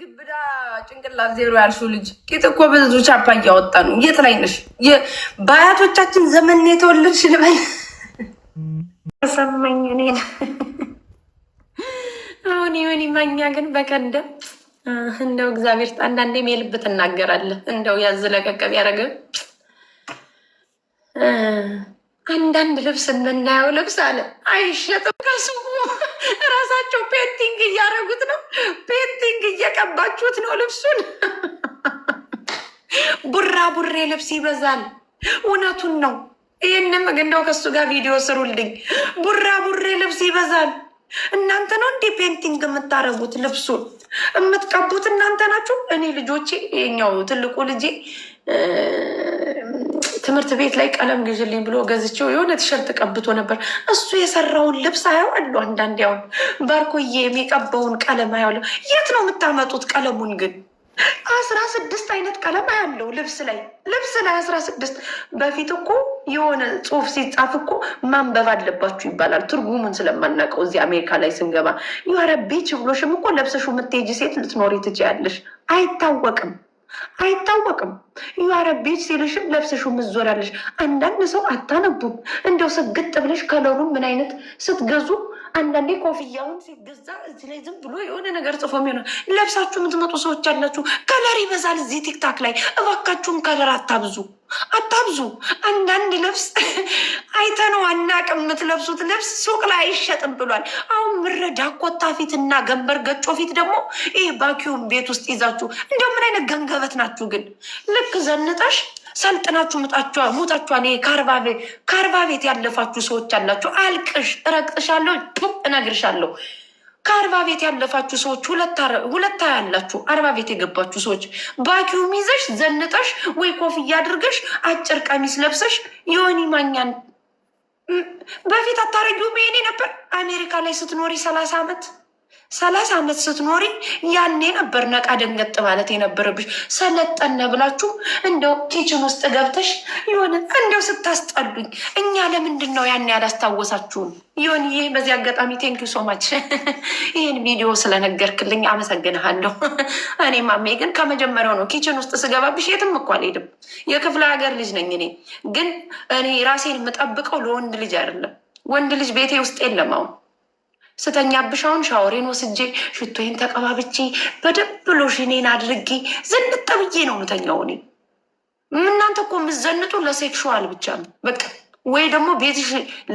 ግብዳ ጭንቅላት ዜሮ ያልሽው ልጅ ቂጥ እኮ ብዙ ቻፓ እያወጣ ነው። የት ላይ ነሽ? በአያቶቻችን ዘመን የተወለድሽ ልበል ሰማኝ እኔ አሁን ይሁን ማኛ ግን በቀደም እንደው እግዚአብሔር አንዳንዴም የልብ ትናገራለህ። እንደው ያዝ ለቀቅ አንዳንድ ልብስ እንደናየው ልብስ አለ አይሸጥም ከሱ ናቸው። ፔንቲንግ እያደረጉት ነው። ፔንቲንግ እየቀባችሁት ነው ልብሱን። ቡራ ቡሬ ልብስ ይበዛል። እውነቱን ነው። ይህንም እንደው ከሱ ጋር ቪዲዮ ስሩልኝ። ቡራ ቡሬ ልብስ ይበዛል። እናንተ ነው እንዴ ፔንቲንግ የምታደረጉት ልብሱን የምትቀቡት እናንተ ናችሁ። እኔ ልጆቼ፣ የኛው ትልቁ ልጄ ትምህርት ቤት ላይ ቀለም ግዥልኝ ብሎ ገዝቼው የሆነ ቲሸርት ቀብቶ ነበር። እሱ የሰራውን ልብስ አያዋሉ አንዳንድ ያው ባርኮዬ የሚቀባውን ቀለም አያዋሉ። የት ነው የምታመጡት ቀለሙን ግን? አስራ ስድስት አይነት ቀለም አያለው ልብስ ላይ ልብስ ላይ አስራ ስድስት በፊት እኮ የሆነ ጽሁፍ ሲጻፍ እኮ ማንበብ አለባችሁ ይባላል። ትርጉሙን ስለማናውቀው እዚህ አሜሪካ ላይ ስንገባ ዩረቢች ብሎሽም እኮ ለብሰሹ የምትሄጂ ሴት ልትኖሪ ትችያለሽ፣ አይታወቅም። አይታወቅም። ያረቤች ሲልሽም ለብስሹ ምዞሪያለሽ። አንዳንድ ሰው አታነቡም። እንደው ስግጥ ብለሽ ከለሩ ምን አይነት ስትገዙ አንዳንዴ ኮፍያውን ሲገዛ እዚህ ላይ ዝም ብሎ የሆነ ነገር ጽፎ የሚሆነ ለብሳችሁ የምትመጡ ሰዎች ያላችሁ ከለር ይበዛል። እዚህ ቲክታክ ላይ እባካችሁን ከለር አታብዙ አታብዙ። አንዳንድ ልብስ አይተነው አናቅም። የምትለብሱት ልብስ ሱቅ ላይ አይሸጥም ብሏል። አሁን ምረዳ ኮታ ፊት እና ገንበር ገጮ ፊት ደግሞ ይህ ባኪውን ቤት ውስጥ ይዛችሁ እንደምን አይነት ገንገበት ናችሁ ግን ልክ ዘንጠሽ ሰልጥናችሁ ሙጣችኋ ሙጣችኋ ከአርባ ቤት ያለፋችሁ ሰዎች አላችሁ። አልቅሽ እረግጥሻለሁ፣ እነግርሻለሁ። ከአርባ ቤት ያለፋችሁ ሰዎች ሁለት ያላችሁ አርባ ቤት የገባችሁ ሰዎች ባኪውም ይዘሽ ዘንጠሽ ወይ ኮፍያ አድርገሽ አጭር ቀሚስ ለብሰሽ የሆኒ ማኛን በፊት አታረጊውም? ይሄኔ ነበር አሜሪካ ላይ ስትኖሪ ሰላሳ ዓመት ሰላሳ ዓመት ስትኖሪ ያኔ ነበር ነቃ ደንገጥ ማለት የነበረብሽ። ሰለጠነ ብላችሁ እንደው ኪችን ውስጥ ገብተሽ ይሆን እንደው ስታስጠሉኝ፣ እኛ ለምንድን ነው ያኔ ያላስታወሳችሁን? ይሆን ይህ በዚህ አጋጣሚ ቴንኪ ሶማች ይህን ቪዲዮ ስለነገርክልኝ አመሰግንሃለሁ። እኔ ማሜ ግን ከመጀመሪያው ነው ኪችን ውስጥ ስገባብሽ የትም እኮ አልሄድም። የክፍለ ሀገር ልጅ ነኝ እኔ ግን እኔ ራሴን የምጠብቀው ለወንድ ልጅ አይደለም። ወንድ ልጅ ቤቴ ውስጥ የለም አሁን ስተኛ ብሻውን ሻወሬን ወስጄ ሽቶዬን ተቀባብቼ በደንብ ሎሽኔን አድርጌ ዘንጥ ብዬ ነው ምተኛው። እኔ እናንተ እኮ የምዘንጡ ለሴክሹዋል ብቻ ነው በቃ ወይ ደግሞ ቤትሽ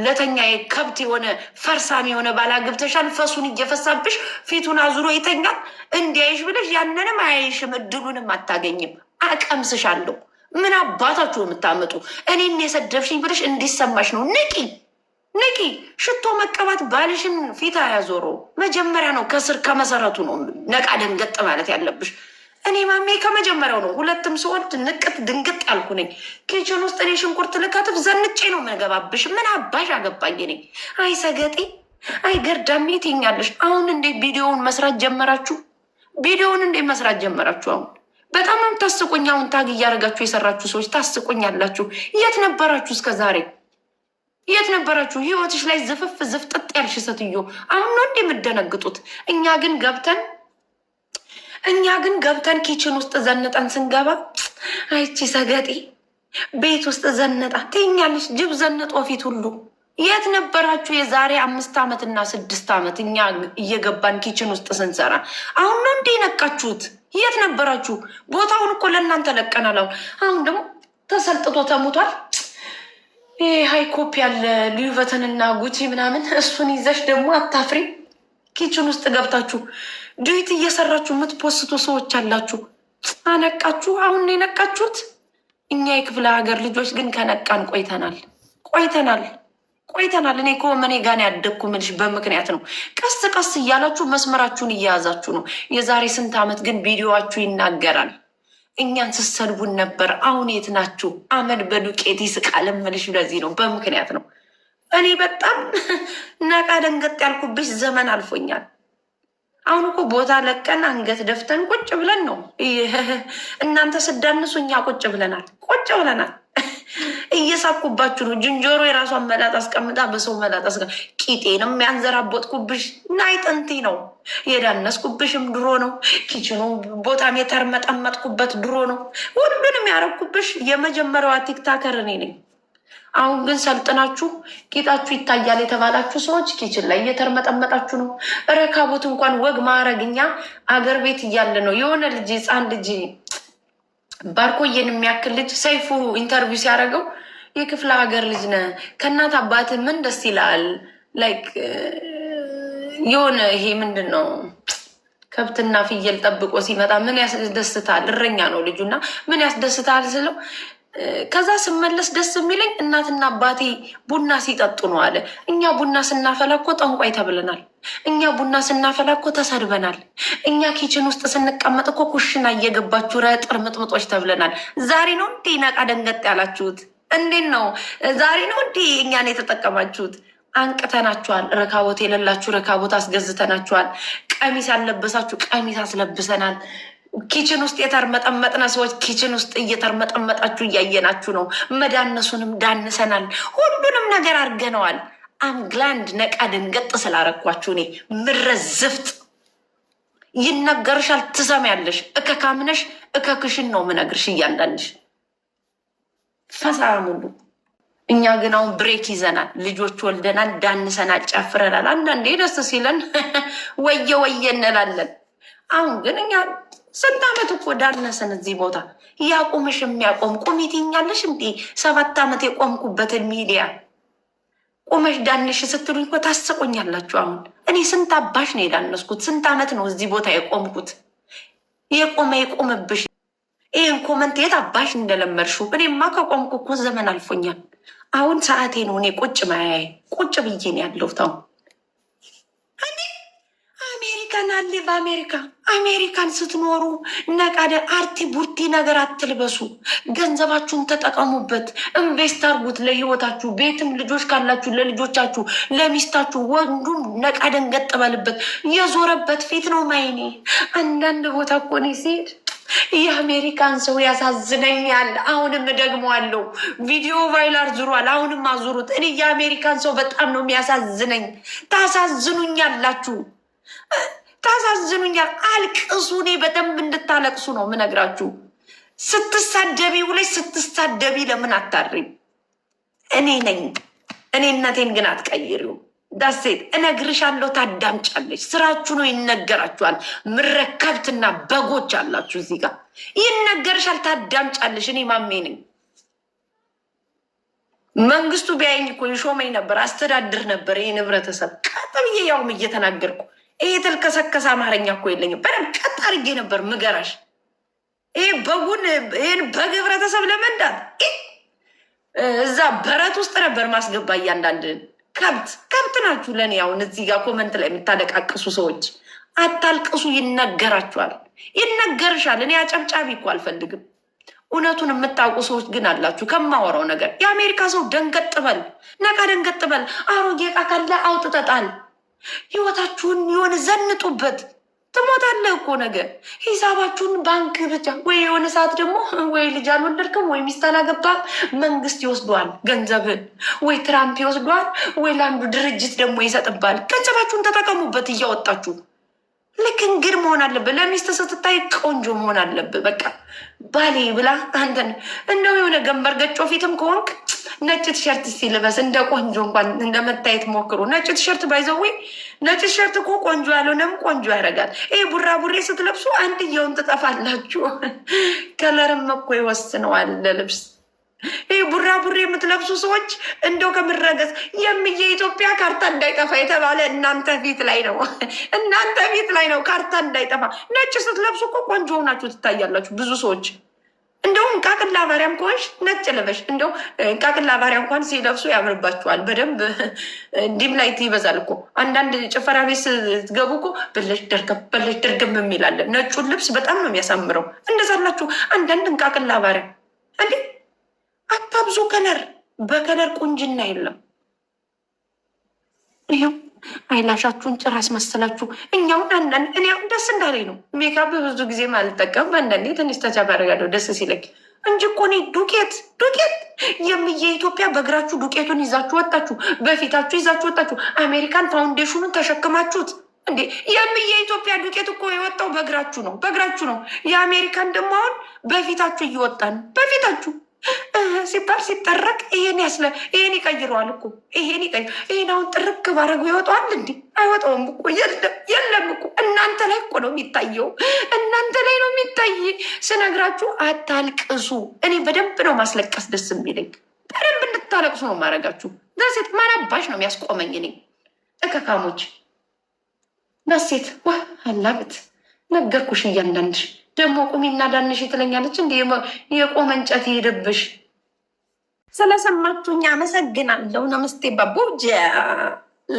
ለተኛ ከብት የሆነ ፈርሳሚ የሆነ ባላ ፈሱን እየፈሳብሽ ፊቱን አዙሮ ይተኛል እንዲያይሽ ብለሽ ያንንም አያይሽም፣ እድሉንም አታገኝም። አቀምስሻለሁ። ምን አባታችሁ የምታመጡ እኔን የሰደብሽኝ ብለሽ እንዲሰማሽ ነው። ንቂ ንቂ ሽቶ መቀባት ባልሽን ፊት አያዞሮ። መጀመሪያ ነው ከስር ከመሰረቱ ነው ነቃ ደንገጥ ማለት ያለብሽ። እኔ ማሜ ከመጀመሪያው ነው ሁለትም ስወልድ ንቅት ድንግጥ ያልኩ ነኝ። ኪችን ውስጥ እኔ ሽንኩርት ልከትፍ ዘንጬ ነው መገባብሽ። ምን አባሽ አገባኝ ነኝ። አይ ሰገጤ፣ አይ ገርዳሜ ትኛለሽ። አሁን እንዴት ቪዲዮውን መስራት ጀመራችሁ? ቪዲዮውን እንዴት መስራት ጀመራችሁ? አሁን በጣም ታስቁኝ። አሁን ታግ እያደረጋችሁ የሰራችሁ ሰዎች ታስቁኝ ያላችሁ። የት ነበራችሁ እስከ ዛሬ? የት ነበራችሁ? ህይወትሽ ላይ ዝፍፍ ዝፍጥጥ ያልሽ ሴትዮ አሁን ነው እንደ የምደነግጡት። እኛ ግን ገብተን እኛ ግን ገብተን ኪችን ውስጥ ዘንጠን ስንገባ አይቺ ሰገጤ ቤት ውስጥ ዘነጣ ትኛለች። ጅብ ዘነጦ ፊት ሁሉ የት ነበራችሁ? የዛሬ አምስት ዓመት እና ስድስት ዓመት እኛ እየገባን ኪችን ውስጥ ስንሰራ አሁን ነው እንደ ነቃችሁት? የት ነበራችሁ? ቦታውን እኮ ለእናንተ ለቀናል። አሁን ደግሞ ተሰልጥቶ ተሙቷል። ይሄ ኮፕ ያለ ልዩበትንና ጉቺ ምናምን እሱን ይዘሽ ደግሞ አታፍሪ። ኪችን ውስጥ ገብታችሁ ድዊት እየሰራችሁ የምትፖስቱ ሰዎች አላችሁ። አነቃችሁ። አሁን የነቃችሁት። እኛ የክፍለ ሀገር ልጆች ግን ከነቃን ቆይተናል ቆይተናል ቆይተናል። እኔ ከወመኔ ጋን ያደግኩ ምልሽ በምክንያት ነው። ቀስ ቀስ እያላችሁ መስመራችሁን እያያዛችሁ ነው። የዛሬ ስንት ዓመት ግን ቪዲዮዋችሁ ይናገራል። እኛን ስትሰድቡን ነበር። አሁን የት ናችሁ? አመድ በዱቄት ይስቃል እምልሽ ለዚህ ነው፣ በምክንያት ነው። እኔ በጣም ነቃ ደንገጥ ያልኩብሽ ዘመን አልፎኛል። አሁን እኮ ቦታ ለቀን አንገት ደፍተን ቁጭ ብለን ነው። እናንተ ስዳንሱ እኛ ቁጭ ብለናል፣ ቁጭ ብለናል። እየሳኩባችሁ ነው። ጅንጀሮ የራሷን መላጥ አስቀምጣ በሰው መላጥ አስቀ ቂጤንም ያንዘራቦጥኩብሽ ናይ ጥንቲ ነው። የዳነስኩብሽም ድሮ ነው። ኪችኑ ቦታ ሜተር መጠመጥኩበት ድሮ ነው። ሁሉንም ያረግኩብሽ የመጀመሪያዋ ቲክታከር እኔ ነኝ። አሁን ግን ሰልጥናችሁ ቂጣችሁ ይታያል የተባላችሁ ሰዎች ኪችን ላይ እየተርመጠመጣችሁ ነው። ረካቦት እንኳን ወግ ማረግኛ አገር ቤት እያለ ነው የሆነ ልጅ ህፃን ልጅ ባርኮዬን የሚያክል ልጅ ሰይፉ ኢንተርቪው ሲያደርገው የክፍለ ሀገር ልጅ ነ ከእናት አባት ምን ደስ ይላል ላይክ uh, የሆነ ይሄ ምንድን ነው ከብትና ፍየል ጠብቆ ሲመጣ ምን ያስደስታል? እረኛ ነው ልጁና ምን ያስደስታል ስለው ከዛ ስመለስ ደስ የሚለኝ እናትና አባቴ ቡና ሲጠጡ ነው አለ። እኛ ቡና ስናፈላ እኮ ጠንቋይ ተብለናል። እኛ ቡና ስናፈላ እኮ ተሰድበናል። እኛ ኪችን ውስጥ ስንቀመጥ እኮ ኩሽና እየገባችሁ ረጥር ምጥምጦች ተብለናል። ዛሬ ነው እንዴ ነቃ ደንገጥ ያላችሁት? እንዴት ነው ዛሬ ነው እንዴ እኛን የተጠቀማችሁት? አንቅተናችኋል። ረካቦት የሌላችሁ ረካቦት አስገዝተናችኋል። ቀሚስ ያለበሳችሁ ቀሚስ አስለብሰናል። ኪችን ውስጥ የተርመጠመጥነ ሰዎች ኪችን ውስጥ እየተርመጠመጣችሁ እያየናችሁ ነው። መዳነሱንም ዳንሰናል፣ ሁሉንም ነገር አድርገነዋል። አምግላንድ ነቃ ድንገጥ ስላረኳችሁ እኔ ምረዝፍት ይነገርሻል፣ ትሰሚያለሽ። እከካምነሽ እከክሽን ነው ምነግርሽ እያንዳንሽ ፈሳ ሙሉ። እኛ ግን አሁን ብሬክ ይዘናል። ልጆች ወልደናል፣ ዳንሰናል፣ ጨፍረናል። አንዳንዴ ደስ ሲለን ወየ ወየ እንላለን። አሁን ግን እኛ ስንት ዓመት እኮ ዳነሰን እዚህ ቦታ እያቆምሽ የሚያቆም ቁሚትኛለሽ እንዴ? ሰባት ዓመት የቆምኩበትን ሚዲያ ቆመሽ ዳንሽ ስትሉኝ እኮ ታስቆኛላችሁ። አሁን እኔ ስንት አባሽ ነው የዳነስኩት? ስንት ዓመት ነው እዚህ ቦታ የቆምኩት? የቆመ የቆመብሽ ይህን ኮመንት የት አባሽ እንደለመድሹ። እኔማ ከቆምኩ እኮ ዘመን አልፎኛል። አሁን ሰዓቴ ነው እኔ ቁጭ መያየ ቁጭ ብዬን ነው ያለሁት አሁን ፈተና በአሜሪካ። አሜሪካን ስትኖሩ ነቃደ አርቲ ቡርቲ ነገር አትልበሱ። ገንዘባችሁን ተጠቀሙበት፣ ኢንቨስት አርጉት ለህይወታችሁ። ቤትም ልጆች ካላችሁ ለልጆቻችሁ፣ ለሚስታችሁ። ወንዱም ነቃደን ገጥ የዞረበት ፊት ነው ማይኔ። አንዳንድ ቦታ እኮ እኔ ሲሄድ የአሜሪካን ሰው ያሳዝነኛል። አሁንም እደግመዋለሁ፣ ቪዲዮ ቫይላር ዙሯል። አሁንም አዙሩት። እኔ የአሜሪካን ሰው በጣም ነው የሚያሳዝነኝ። ታሳዝኑኛላችሁ። ያሳዝኑኛል። አልቅሱ። እኔ በደንብ እንድታለቅሱ ነው ምነግራችሁ። ስትሳደቢ ውለሽ ስትሳደቢ ለምን አታድሪም? እኔ ነኝ። እኔነቴን ግን አትቀይሪው። ዳሴት እነግርሻለሁ፣ ታዳምጫለች። ስራችሁ ነው፣ ይነገራችኋል። ምረከብትና በጎች አላችሁ እዚህ ጋር ይነገርሻል፣ ታዳምጫለሽ። እኔ ማሜ ነኝ። መንግስቱ ቢያይኝ እኮ ይሾመኝ ነበር፣ አስተዳድር ነበር ይህን ህብረተሰብ ቀጥ ብዬ ያውም እየተናገርኩ ይሄ የተልከሰከሰ አማርኛ እኮ የለኝም። በደምብ ቀጥ አድርጌ ነበር ምገራሽ። ይሄ በጉን ይህን በግ ህብረተሰብ ለመንዳት እዛ በረት ውስጥ ነበር ማስገባ። እያንዳንድ ከብት ከብት ናችሁ ለእኔ። አሁን እዚህ ጋር ኮመንት ላይ የምታለቃቅሱ ሰዎች አታልቅሱ፣ ይነገራችኋል፣ ይነገርሻል። እኔ አጨብጫቢ እኮ አልፈልግም። እውነቱን የምታውቁ ሰዎች ግን አላችሁ። ከማወራው ነገር የአሜሪካ ሰው ደንገጥበል ነቃ፣ ደንገጥበል አሮጌ ዕቃ ካለ አውጥተጣል ህይወታችሁን የሆነ ዘንጡበት። ትሞታለህ እኮ ነገ። ሂሳባችሁን ባንክ ብቻ ወይ የሆነ ሰዓት ደግሞ ወይ ልጅ አልወለድክም ወይ ሚስት አላገባም መንግስት ይወስዷል ገንዘብን፣ ወይ ትራምፕ ይወስዷል፣ ወይ ለአንዱ ድርጅት ደግሞ ይሰጥባል። ገንዘባችሁን ተጠቀሙበት እያወጣችሁ ልክ እንግድ መሆን አለብህ። ለሚስት ስትታይ ቆንጆ መሆን አለብህ። በቃ ባሌ ብላ አንተን እንደው የሆነ ገንበር ገጮ ፊትም ከሆንክ ነጭ ቲሸርት ሲልበስ እንደ ቆንጆ እንኳን እንደ መታየት ሞክሩ። ነጭ ቲሸርት ባይዘዌ ነጭ ቲሸርት እኮ ቆንጆ ያልሆነም ቆንጆ ያደርጋል። ይህ ቡራ ቡሬ ስትለብሱ አንድየውን ትጠፋላችሁ። ከለርም እኮ ይወስነዋል ለልብስ ይህ ቡራ ቡሬ የምትለብሱ ሰዎች እንደው ከምረገዝ የምዬ ኢትዮጵያ ካርታ እንዳይጠፋ የተባለ እናንተ ፊት ላይ ነው። እናንተ ፊት ላይ ነው ካርታ እንዳይጠፋ። ነጭ ስትለብሱ እኮ ቆንጆ ሆናችሁ ትታያላችሁ ብዙ ሰዎች እንደውም እንቃቅላ ባሪያም ከሆንሽ ነጭ ልበሽ። እንደው እንቃቅላ ባሪያ እንኳን ሲለብሱ ያምርባችኋል። በደንብ ዲም ላይት ይበዛል እኮ አንዳንድ ጭፈራ ቤት ስትገቡ እኮ በለሽ ደርገም በለሽ ደርገም የሚላለን ነጩን ልብስ በጣም ነው የሚያሳምረው። እንደዛላችሁ አንዳንድ እንቃቅላ ባሪያ እንዴ አታብዙ ከለር። በከለር ቁንጅና የለም። ይኸው አይላሻችሁን ጭራ አስመስላችሁ እኛው አንዳንድ እኔ ደስ እንዳለኝ ነው። ሜካፕ ብዙ ጊዜ አልጠቀምም። በአንዳንዴ ትንሽ ተቻፍ ያደርጋለሁ ደስ ሲለኝ እንጂ እኮ እኔ ዱቄት ዱቄት የምዬ ኢትዮጵያ በእግራችሁ ዱቄቱን ይዛችሁ ወጣችሁ፣ በፊታችሁ ይዛችሁ ወጣችሁ፣ አሜሪካን ፋውንዴሽኑን ተሸክማችሁት እንዴ የምዬ ኢትዮጵያ ዱቄት እኮ የወጣው በእግራችሁ ነው፣ በእግራችሁ ነው። የአሜሪካን ደግሞ አሁን በፊታችሁ እየወጣን በፊታችሁ ሲባል ሲጠረቅ ይሄን ያስለ ይሄን ይቀይረዋል እኮ ይሄን ይቀይ ይሄን አሁን ጥርቅ ባረጉ ይወጣዋል እንዲ አይወጣውም እኮ የለም የለም እኮ እናንተ ላይ እኮ ነው የሚታየው እናንተ ላይ ነው የሚታይ ስነግራችሁ አታልቅሱ እኔ በደንብ ነው ማስለቀስ ደስ የሚለኝ በደንብ እንድታለቅሱ ነው ማረጋችሁ ደሴት ማናባሽ ነው የሚያስቆመኝ እኔ እከካሞች ደሴት ዋ አላብት ነገርኩሽ እያንዳንድሽ ደግሞ ቁሚና ዳንሽ ትለኛለች። እንዲ የቆመ እንጨት ይሄድብሽ። ስለሰማችሁኝ አመሰግናለሁ። ነምስቴ ባቦ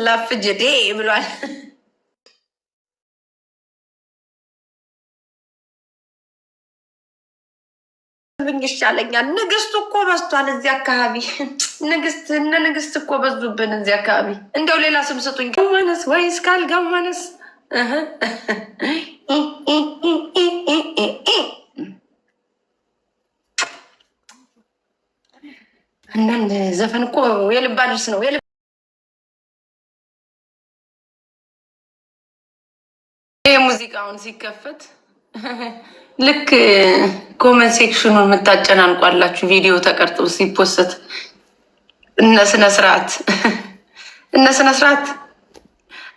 ለፍጅዴ ብሏል። ብኝ ይሻለኛል። ንግስት እኮ በዝቷል እዚህ አካባቢ። ንግስት እነ ንግስት እኮ በዙብን እዚህ አካባቢ። እንደው ሌላ ስም ስጡኝ። ገመነስ ወይስ ጋመነስ አንዳንድ ዘፈን እኮ የልብ አድርስ ነው። ሙዚቃውን ሲከፈት ልክ ኮመን ሴክሽኑን የምታጨናንቋላችሁ ቪዲዮ ተቀርጦ ሲፖሰት እነ ስነ ስርዓት እነ ስነ ስርዓት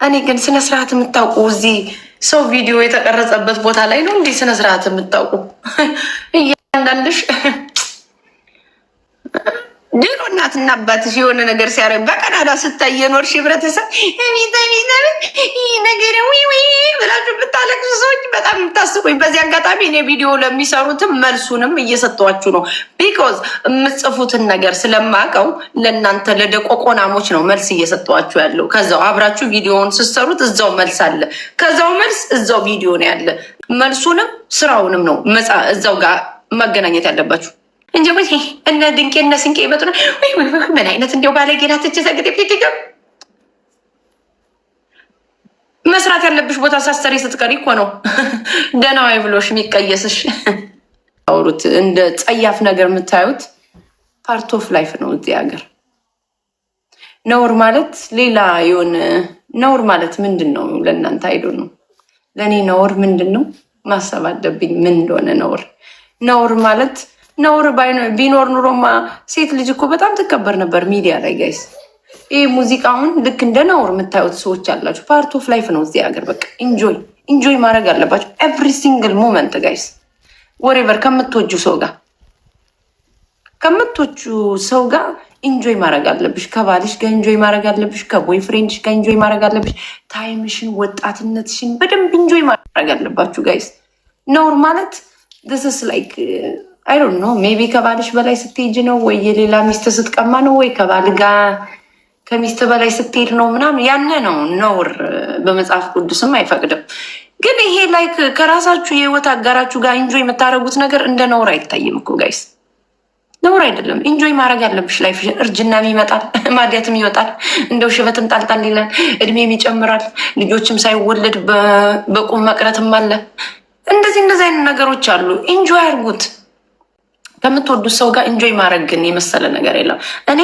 እኔ ግን ስነ ስርዓት የምታውቁ እዚህ ሰው ቪዲዮ የተቀረጸበት ቦታ ላይ ነው እንዲህ ስነ ስርዓት የምታውቁ እያንዳንድሽ ድሮ እናትና አባትሽ የሆነ ነገር ሲያደርግ በቀናዳ ስታይ የኖርሽ ህብረተሰብ እቤት ይህ ነገር ብላችሁ የምታለቅሱ ሰዎች በጣም የምታስቁኝ። በዚህ አጋጣሚ እኔ ቪዲዮ ለሚሰሩትም መልሱንም እየሰጠኋችሁ ነው። ቢኮዝ የምጽፉትን ነገር ስለማቀው ለእናንተ ለደቆቆናሞች ነው መልስ እየሰጠኋችሁ ያለው። ከዛው አብራችሁ ቪዲዮውን ስትሰሩት እዛው መልስ አለ። ከዛው መልስ እዛው ቪዲዮ ነው ያለ። መልሱንም ስራውንም ነው እዛው ጋር መገናኘት ያለባችሁ። እንጂ እነ ድንቄ እነ ስንቄ ይመጡ ምን አይነት እንዲው ባለጌና ትች መስራት ያለብሽ ቦታ ሳሰሪ ስትቀሪ እኮ ነው ደህናዋይ ብሎሽ የሚቀየስሽ። አውሩት እንደ ጸያፍ ነገር የምታዩት ፓርት ኦፍ ላይፍ ነው እዚህ ሀገር። ነውር ማለት ሌላ የሆነ ነውር ማለት ምንድን ነው ለእናንተ? አይዶ ነው ለእኔ ነውር ምንድን ነው ማሰብ አለብኝ ምን እንደሆነ ነውር ነውር ማለት ነውር ቢኖር ኑሮማ ሴት ልጅ እኮ በጣም ትከበር ነበር ሚዲያ ላይ ጋይስ። ይህ ሙዚቃውን ልክ እንደ ነውር የምታዩት ሰዎች አላችሁ። ፓርት ኦፍ ላይፍ ነው እዚህ ሀገር። በቃ ኢንጆይ ኢንጆይ ማድረግ አለባቸው ኤቭሪ ሲንግል ሞመንት ጋይስ። ወሬቨር ከምትወጁ ሰው ጋር ከምትወጁ ሰው ጋር ኢንጆይ ማድረግ አለብሽ። ከባልሽ ጋር ኢንጆይ ማድረግ አለብሽ። ከቦይ ፍሬንድሽ ጋር ኢንጆይ ማድረግ አለብሽ። ታይምሽን፣ ወጣትነትሽን በደንብ ኢንጆይ ማድረግ አለባችሁ ጋይስ። ነውር ማለት ስ ላይክ አይዶን ነው ሜቢ ከባልሽ በላይ ስትሄጅ ነው ወይ የሌላ ሚስት ስትቀማ ነው ወይ ከባል ጋር ከሚስት በላይ ስትሄድ ነው ምናምን ያነ ነው ነውር፣ በመጽሐፍ ቅዱስም አይፈቅድም። ግን ይሄ ላይ ከራሳችሁ የህይወት አጋራችሁ ጋር ኢንጆይ የምታደርጉት ነገር እንደ ነውር አይታይም እኮ ጋይስ፣ ነውር አይደለም። ኢንጆይ ማድረግ ያለብሽ ላይፍ። እርጅናም ይመጣል፣ ማዲያትም ይወጣል፣ እንደው ሽበትም ጣልጣል ይላል፣ እድሜም ይጨምራል፣ ልጆችም ሳይወለድ በቁም መቅረትም አለ። እንደዚህ እንደዚህ አይነት ነገሮች አሉ። ኢንጆይ አድርጉት። ከምትወዱት ሰው ጋር ኢንጆይ ማድረግ ግን የመሰለ ነገር የለም። እኔ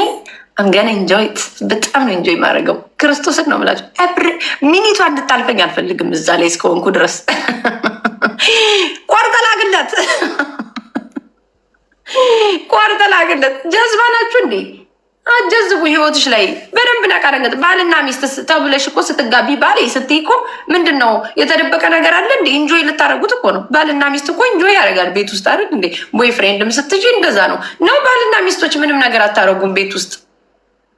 አንገን ኢንጆይ በጣም ነው ኢንጆይ ማድረገው። ክርስቶስን ነው የምላቸው። ሚኒቷ እንድታልፈኝ አልፈልግም። እዛ ላይ እስከሆንኩ ድረስ ቆርጠላግለት ቆርጠላግለት ጀዝባ ናችሁ እንዴ? አጀዝቡ ህይወትሽ ላይ በደንብ ነቃረገጥ ባልና ሚስት ተብለሽ እኮ ስትጋቢ ባል ስትይ እኮ ምንድን ነው የተደበቀ ነገር አለ እንዴ? እንጆይ ልታደረጉት እኮ ነው። ባልና ሚስት እኮ እንጆይ ያደርጋል ቤት ውስጥ አይደል እንዴ? ቦይ ፍሬንድም ስትይ እንደዛ ነው ነው። ባልና ሚስቶች ምንም ነገር አታደረጉም ቤት ውስጥ።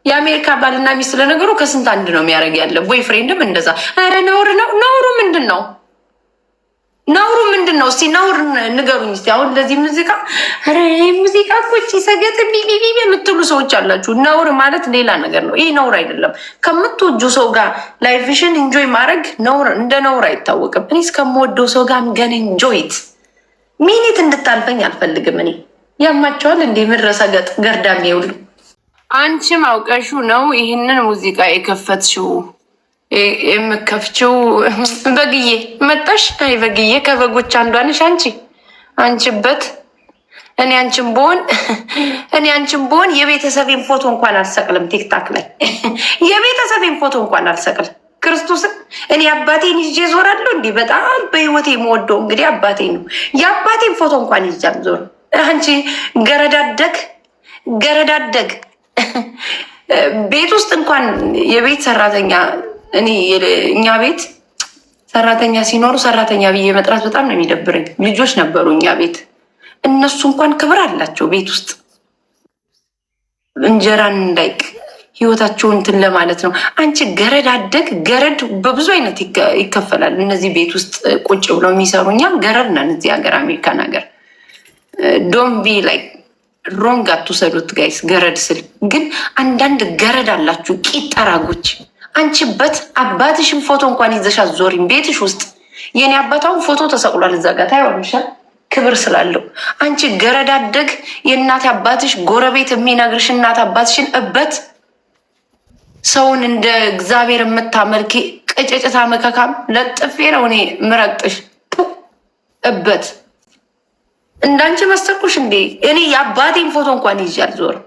የአሜሪካ ባልና ሚስት ለነገሩ ከስንት አንድ ነው የሚያደርግ ያለ። ቦይ ፍሬንድም እንደዛ። ኧረ ነውር ነው። ነውሩ ምንድን ነው? ነውሩ ምንድን ነው? እስቲ ነውር ንገሩኝ። እስቲ አሁን ለዚህ ሙዚቃ ሙዚቃ ኮች ሰገጥ ቢቢቢ የምትሉ ሰዎች አላችሁ። ነውር ማለት ሌላ ነገር ነው። ይህ ነውር አይደለም። ከምትወጁ ሰው ጋር ላይፍሽን እንጆይ ማድረግ እንደ ነውር አይታወቅም። እኔ እስከምወደው ሰው ጋር ገን እንጆይት ሚኒት እንድታልፈኝ አልፈልግም። እኔ ያማቸዋል እንዴ ምድረሰ ገጥ ገርዳሚ ይውሉ አንቺም አውቀሹ ነው ይህንን ሙዚቃ የከፈትሽው የምከፍችው በግዬ መጣሽ። አይ በግዬ ከበጎች አንዷ ነሽ አንቺ። አንቺበት እኔ አንቺን ብሆን እኔ አንቺን ብሆን የቤተሰቤን ፎቶ እንኳን አልሰቅልም። ቲክታክ ላይ የቤተሰቤን ፎቶ እንኳን አልሰቅልም። ክርስቶስን እኔ አባቴን ይዤ ዞራለሁ። እንዲህ በጣም በህይወቴ የምወደው እንግዲህ አባቴ ነው። የአባቴን ፎቶ እንኳን ይዛም ዞር አንቺ ገረዳደግ ገረዳደግ ቤት ውስጥ እንኳን የቤት ሰራተኛ እኔ እኛ ቤት ሰራተኛ ሲኖሩ ሰራተኛ ብዬ መጥራት በጣም ነው የሚደብረኝ። ልጆች ነበሩ እኛ ቤት፣ እነሱ እንኳን ክብር አላቸው። ቤት ውስጥ እንጀራን እንዳይቅ ህይወታቸውን እንትን ለማለት ነው። አንቺ ገረድ አደግ ገረድ በብዙ አይነት ይከፈላል። እነዚህ ቤት ውስጥ ቁጭ ብለው የሚሰሩ እኛም ገረድ ነን። እዚህ ሀገር አሜሪካን ሀገር ዶን ቢ ላይ ሮንግ አትውሰዱት ጋይስ። ገረድ ስል ግን አንዳንድ ገረድ አላችሁ ቂጠራጎች አንቺበት አባትሽን ፎቶ እንኳን ይዘሽ አትዞሪም። ቤትሽ ውስጥ የኔ አባታውን ፎቶ ተሰቅሏል እዛ ጋ ታይሆንሻል። ክብር ስላለው አንቺ ገረዳደግ የእናት አባትሽ ጎረቤት የሚነግርሽ እናት አባትሽን እበት ሰውን እንደ እግዚአብሔር የምታመልኪ ቅጭጭታ መከካም ለጥፌ ነው እኔ ምረቅጥሽ እበት እንዳንቺ መሰኩሽ እንዴ? እኔ የአባቴን ፎቶ እንኳን ይዤ አልዞርም።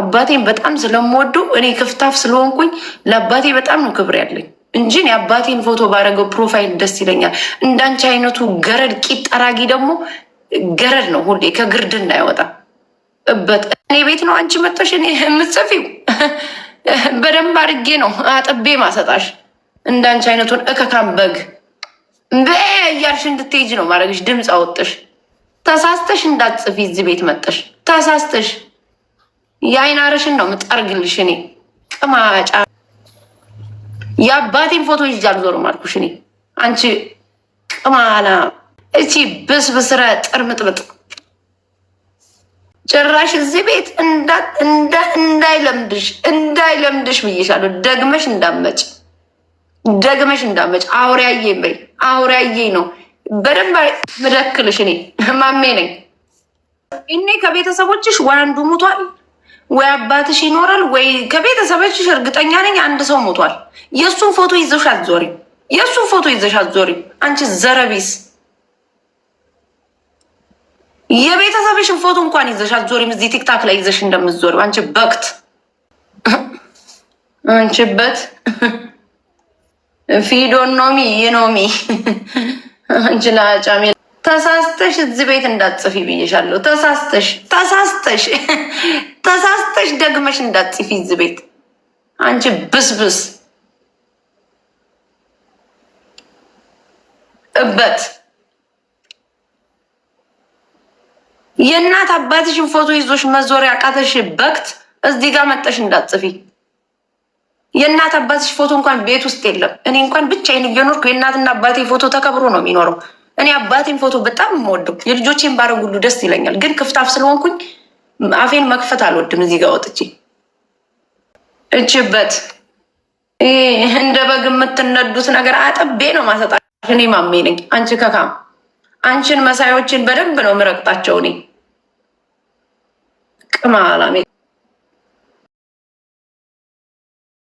አባቴን በጣም ስለምወደው እኔ ክፍታፍ ስለሆንኩኝ ለአባቴ በጣም ነው ክብር ያለኝ እንጂ የአባቴን ፎቶ ባረገው ፕሮፋይል ደስ ይለኛል። እንዳንቺ አይነቱ ገረድ ቂጠራጊ ጠራጊ ደግሞ ገረድ ነው፣ ሁሌ ከግርድና አይወጣ እበት እኔ ቤት ነው አንቺ መጥተሽ እኔ የምትጽፊው በደንብ አድርጌ ነው አጥቤ ማሰጣሽ። እንዳንቺ አይነቱን እከካም በግ እያልሽ እንድትሄጂ ነው ማድረግሽ። ድምፅ አወጥሽ ተሳስተሽ እንዳትጽፊ እዚህ ቤት መጥተሽ ተሳስተሽ የአይን አረሽን ነው የምጠርግልሽ እኔ ቅማጫ። የአባቴን ፎቶ ይዤ አልዞርም አልኩሽ እኔ አንቺ ቅማላ። እቺ ብስብስረ ጥርምጥምጥ ጭራሽ እዚህ ቤት እንዳይለምድሽ እንዳይለምድሽ ብዬሻለሁ። ደግመሽ እንዳመጭ ደግመሽ እንዳመጭ አውሪያዬ በይ አውሪያዬ ነው በደንብ ምደክልሽ። እኔ ማሜ ነኝ እኔ ከቤተሰቦችሽ ወንዱ ሙቷል። ወይ አባትሽ ይኖራል ወይ ከቤተሰቦችሽ እርግጠኛ ነኝ አንድ ሰው ሞቷል። የእሱን ፎቶ ይዘሽ አትዞሪ። የእሱን ፎቶ ይዘሽ አትዞሪ። አንቺ ዘረቢስ የቤተሰብሽን ፎቶ እንኳን ይዘሽ አትዞሪም። እዚህ ቲክታክ ላይ ይዘሽ እንደምትዞሪ አንቺ በቅት አንቺበት ፊዶኖሚ ይኖሚ አንቺ ለአጫሜ ተሳስተሽ እዚህ ቤት እንዳትጽፊ ብዬሻለሁ። ተሳስተሽ ተሳስተሽ ተሳስተሽ ደግመሽ እንዳትጽፊ እዚህ ቤት አንቺ ብስብስ እበት የእናት አባትሽን ፎቶ ይዞሽ መዞሪያ ያቃተሽ በክት እዚህ ጋር መጠሽ እንዳትጽፊ። የእናት አባትሽ ፎቶ እንኳን ቤት ውስጥ የለም። እኔ እንኳን ብቻዬን እየኖርኩ የእናትና አባቴ ፎቶ ተከብሮ ነው የሚኖረው። እኔ አባቴን ፎቶ በጣም የምወደው የልጆቼን ባረግ ሁሉ ደስ ይለኛል፣ ግን ክፍታፍ ስለሆንኩኝ አፌን መክፈት አልወድም። እዚህ ጋር ወጥቼ እችበት እንደ በግ የምትነዱት ነገር አጠቤ ነው ማሰጣሽ። እኔ ማሜ ነኝ፣ አንቺ ከካም አንቺን መሳዮችን በደንብ ነው ምረቅጣቸው። እኔ ቅማላሜ